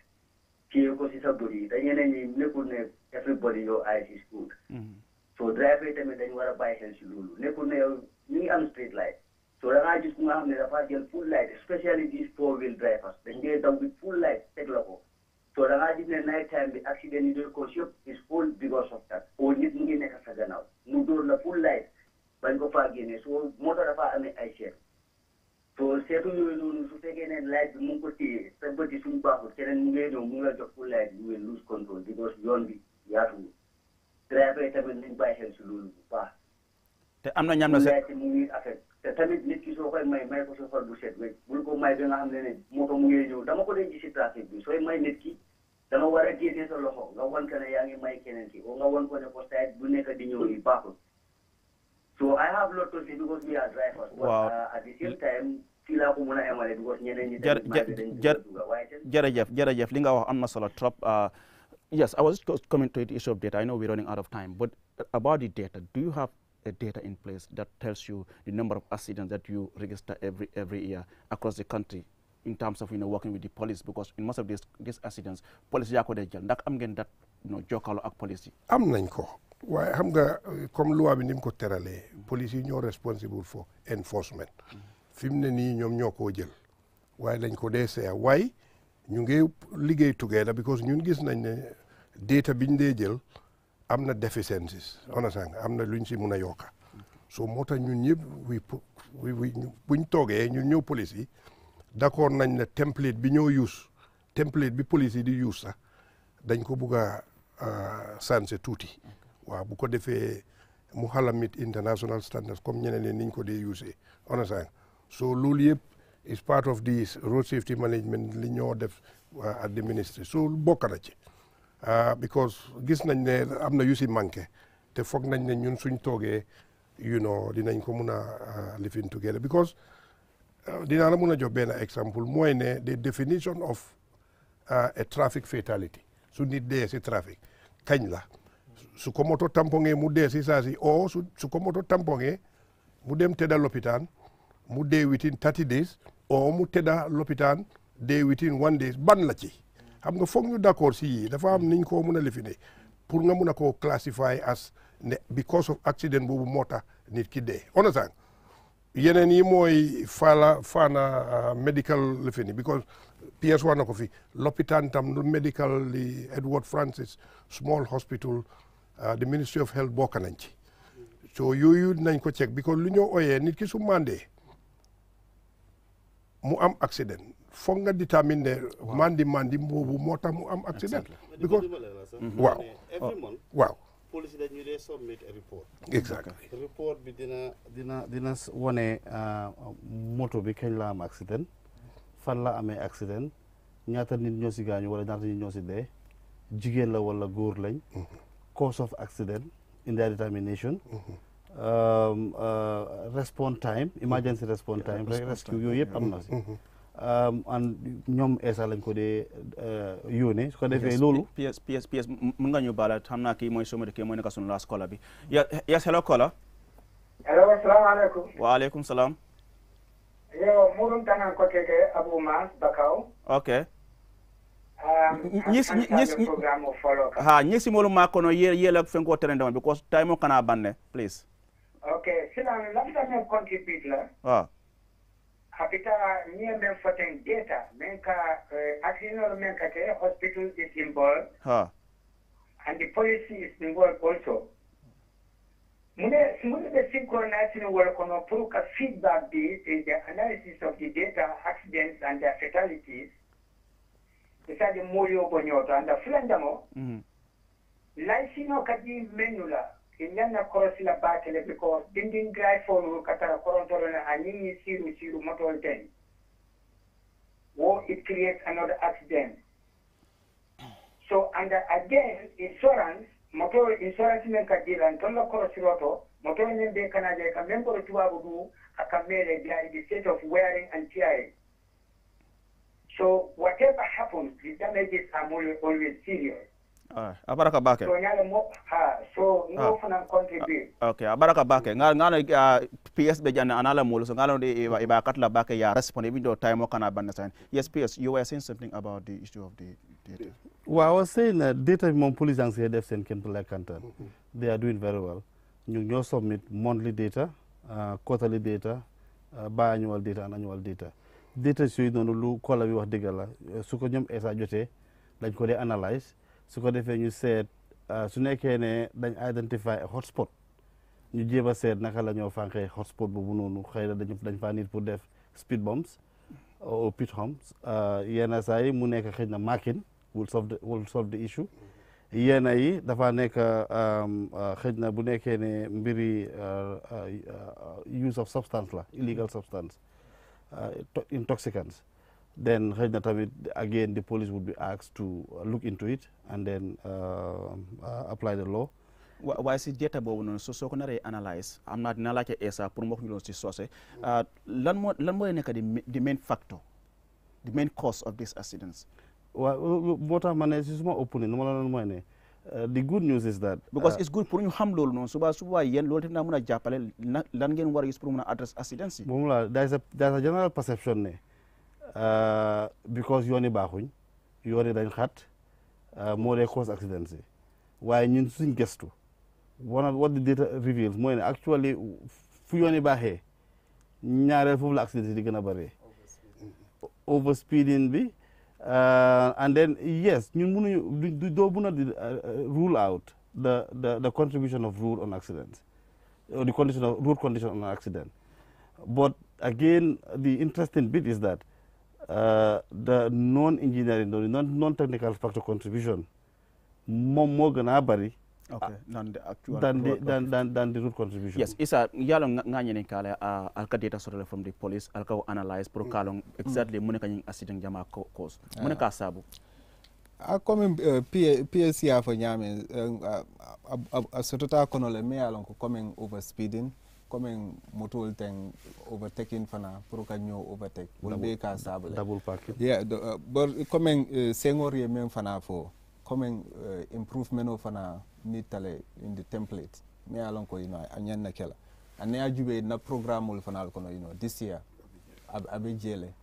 Because it's a body, then you know, everybody your eyes is good. Mm-hmm. So drive it and then you are by health lulu. me i am street light. So then I just know how many full light, especially these four wheel drivers. Then they don't with full light, take local. so da ngaa gis ne night time bi accident yi dul cause yëpp is all because of that oo nit mu ngi nekk sa gannaaw mu dóor la full life bañ ko faa génne soo moto dafa amee ay seet so seetu yooyu noonu su fekkee ne light bi mu ko téye sa bëti suñu baaxul keneen mu ngi ñëw mu ngi la jox full light bu wéy lose control because yoon bi yaatuwul driver tamit nañ bàyyi xel si loolu bu
te am na ñam na seen
mu ngi affect te tamit nit ki soo koy may may ko sa xol bu set bul ko may bi nga xam ne moto mu ngi ñëw dama ko dee gis si trafic bi sooy may nit ki war a génne sa loxo nga wan ko ne yaa ngi may keneen ki o nga ne ko bu nekk di ñëw yi baaxul so I have lot to say because we are drivers. waaw uh, at the same time fii laa ko mën a emale because ñeneen ñi. jë jë
jërëjëf jërëjëf li nga wax am na solo trop. Uh, yes I was coming to the issue of data I know we're running out of time but about the data do you have a data in place that tells you the number of accidents that you register every, every year across the country in terms of you know, working with the police because in most of these, these accidents police yaa ko dee jël ndax am ngeen dat no know, jokkaloo ak police yi
am nañ ko waaye xam nga comme loi bi ni mu ko teralee police yi ñoo responsible for enforcement fi mu ne nii ñoom ñoo koo jël waaye dañ ko dee seya waaye ñu ngi liggéey together because ñun gis nañ ne data biñ dee jël am na deficiencies on a am na lu ñu si mun a yokka soo moo tax ñun ñëpp wi ñu toogee ñu ñëw police yi d'accord nañ ne template bi ñoo yuus template bi police di use sax dañ ko bugg a sanse tuuti waaw bu ko defee mu xala mit international standards comme ñeneen ni ñu ko dee use on a sànq so loolu yëpp is part of this road safety management li ñoo def at the ministry so bokk na ci Ah, because gis nañ ne am na yu si manqué te foog nañ ne ñun suñ toogee you know dinañ ko mun a ah, living together because ah, dinaa la mun a jox benn exemple mooy ne the definition of a traffic fatality su nit dee si trafic kañ la su ko moto tamponge mu dee si saa si o su su ko moto tamponge mu dem tëdda lopitaan mu dee within 30 days o mu tëdda lopitaan dee within one days ban la ci xam nga foog ñu d'accord si yii dafa am niñ koo mun a lifine pour nga mun a koo classify as ne because of accident boobu moo tax nit ki dee on sang yeneen yi mooy faala faana uh, medical lifini because PS war na ko fi lopitaan tam nu medical di Edward Francis small hospital uh, the ministry of health bokk nañ ci so yooyu nañ ko check because lu ñoo ooyee nit ki su mandee mu am accident foog nga détermine ne mandi mandi boobu moo tax mu am accident because waaw oh.
exactly bi dina dina dina wone euh, moto bi kañ la am accident fan la amee accident ñaata nit ñoo si gaañu wala ñaata nit ñoo si dee jigéen la wala góor lañ mhm. cause of accident in their determination mhm. euh, euh, response time emergency response time rescue yooyu yëpp am na Euh, and ñoom ESA lañ ko dee
euh, yónnee su ko defee loolu. PS PS PS mën nga ñu baal xam naa kii mooy Somadou kii mooy nekk sunu last caller bi yes hello caller.
allo salaamaaleykum. salaam. yow Mourou Tangan euh, ah, ko keke Abou
kono ye la fen ko tere because time o kana banne please
okay sila lam ta me contribute la ah hakita niye men foten data men ka uh, accident men kate hospital is involved huh. and the policy is involved also mune mune be synchronizing wal kono pour ka feedback be is the analysis of the data accidents and their fatalities isadi moyo bonyoto anda fulandamo mm -hmm. laisino kadi menula nanna korosila bakele eh, bi ko dindin dry phone katara korontoro na anyinyi ah, siru siru motol ten wo it creates another accident so under again insurance motor insurance men ka dilan tolla korosiroto motor men be kanaje ka men koro tubabu du aka mele dia in the state of wearing and tearing so whatever happens the damages are always serious
a ah, baraka bake
so no ah. fana contribute
ah, okay a baraka bake nga nga ps be janna anala mulu so ngalo de iba katla bake ya respond even though time kana banna sign yes ps you were saying something about the issue of the data
well i was saying that data mon police and cdf send came to canton they are doing very well ñu ñoo submit monthly data uh, quarterly data uh, biannual data and annual data data yooyu noonu lu kola bi wax dëgg la su ko ñoom état jotee dañ ko analyse su ko defee ñu seet ah, su nekkee ne dañ identify hotspot ñu jéem a seet naka la ñoo fànqee hotspot boobu noonu xëy na dañ dañ faa nit pour def speed bumps au pit homes ah, yenn saa yi mu nekk xëy na makin will solve the will solve the issue yenn yi dafa nekk ah, xëy na bu nekkee ne mbiri use of substance la illegal substance intoxicants then xëy na tamit again the police would be
asked to uh, look into it and then uh, uh, apply the law. waaye si data boobu noonu soo ko naree analyse am naa dina laajte ESA pour mu wax loolu si soose lan moo lan mooy nekk di main factor the main cause of these accidents. waaw moo tax ma ne si suma opening nu ma mooy ne the good news is that. because it's good pour ñu xam loolu noonu suba suba yéen loolu tamit naa mën a lan geen war a gis pour mën address accidents yi. moom la there is a general Uh, because you yi baaxuñ yoon
yi dañ xat uh, moo dee cause accident Why waaye ñun suñ gëstu what the data reveals ne actually fu yoon yi baaxee ñaareel foofu la accident di gën over speeding uh, and then yes ñun mënuñu du doo mun rule out the the the contribution of rule on accident or the condition of road condition on accident but again the interesting bit is that the non engineering non non technical factor contribution moom moo gën a bari. okay than the contribution. yes
isa yalo nganye ni kala alka data sorole from the police alka wo analyze pro kalong exactly mune kanyin accident jama cause mune ka sabu.
a komi PSC a fo ñaame a sotota kono le me ko komin over speeding comme motol ten overtaking fana pour ka ñoo overtake wol be ka sable double parking yeah do, uh, but comme un senior ye men fana fo comme uh, improvement o fana ni tale in the template me alon ko ino a ñan na kela ane a na programme ol fana kono ino this year ab, abe jele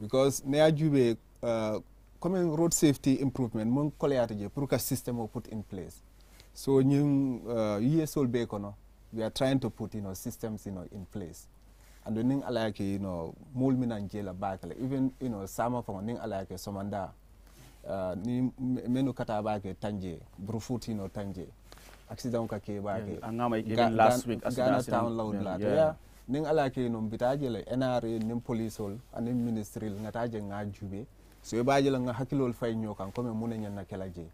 because ne a jube uh, comme road safety improvement mon koleata je pour ka system o put in place so ñing uh, yesol be kono we are trying to put you know systems you know in place and ning like you know mul min anjela bakale even you know sama fa ning alake somanda uh, ni menu kata bake tanje brufuti no tanje accident ka ke bake yeah, angama ikin last week as Ghana town loud la yeah. yeah. ning alake no bitaje le NRA nim police hol anim ministry ngataje ngajube so e baje nga hakilol fay nyokan comme mun nyen na kelaje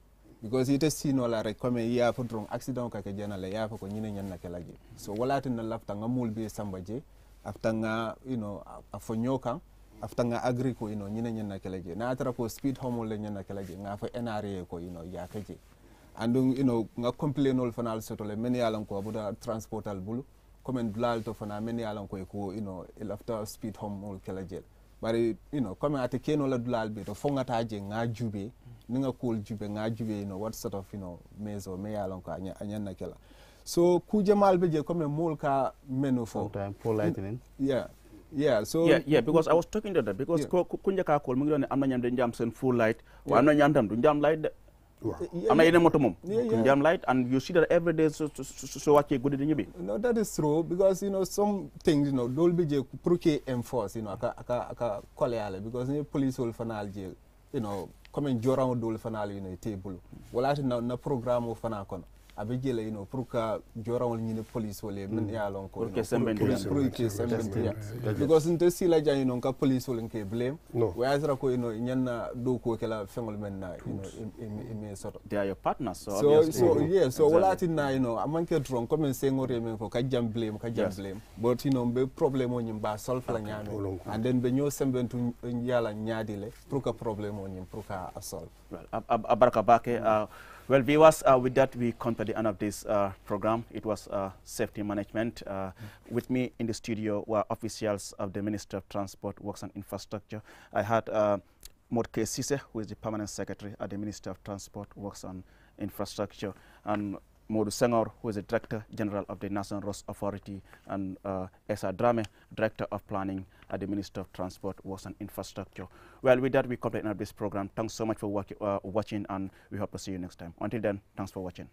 because ite sinola rek comme yafa drong accident kake janala yafa ko ñine ñan nakela je so wala walati na lafta nga mul bi samba je afta nga you know afo nyokan afta nga agri ko you know ñine ñan nakela je na atara ko speed homo le ñan nakela je nga fo nra ko you know yafa je andung you know nga complain ol fanal soto le men yalan ko abuda transportal bulu comme blal to fana men yalan ko ko you know il afta speed homo kela bari you know comme ate kenola dulal be to fongata je nga jube mm -hmm ninga kul jube nga jube you know what sort of you know mezo me ya lon ko anya na kela so ku jamal be je comme mol ka meno fo sometime for lightning
yeah Yeah, so yeah, yeah, because I was talking to that because yeah. kunja ka call ngi don amna ñam de jam sen full light wa amna ñam tam du jam light
am na yene moto moom
jam light and you see that every day so
so wàccee guddi di bi no that is true because you know some things you know dol bi je pour que enforce you know aka aka aka ala because ni police wol fanaal je you know komin joranwo dole fana alayno e table walaati na programme wu fana kono a bɛ jɛla yen nɔ pour que jɔra wala ɲini police wala min y'a lɔn ko pour que sɛnbɛntiya because n tɛ si laja yen nɔ n ka police wala k'e blame o y'a sira ko yen nɔ ɲɛna dɔw ko kɛla fɛn wala mɛ na e mi sɔrɔ they are your partners so so so yeah so wala ti na yen nɔ a man kɛ dɔrɔn comme n sɛngɔ de min fɔ ka jam blame ka jam blame but you know n bɛ problème o ɲin ba solve la ɲaami and then bɛ ɲɔ sɛnbɛntu yala ɲaadi lɛ
pour que problème ɲin pour que a solve. a baraka ba kɛ Well, viewers, uh, with that, we come to the end of this uh, program. It was uh, safety management. Uh, with me in the studio were officials of the Ministry of Transport, Works and Infrastructure. I had uh, Motke Sise, who is the Permanent Secretary at the Ministry of Transport, Works and Infrastructure, and Modu Sengor, who is the Director General of the National Roads Authority, and uh, Esa Drame, Director of Planning at the Minister of Transport, Works and Infrastructure. Well, with that, we complete this program. Thanks so much for uh, watching, and we hope to see you next time. Until then, thanks for watching.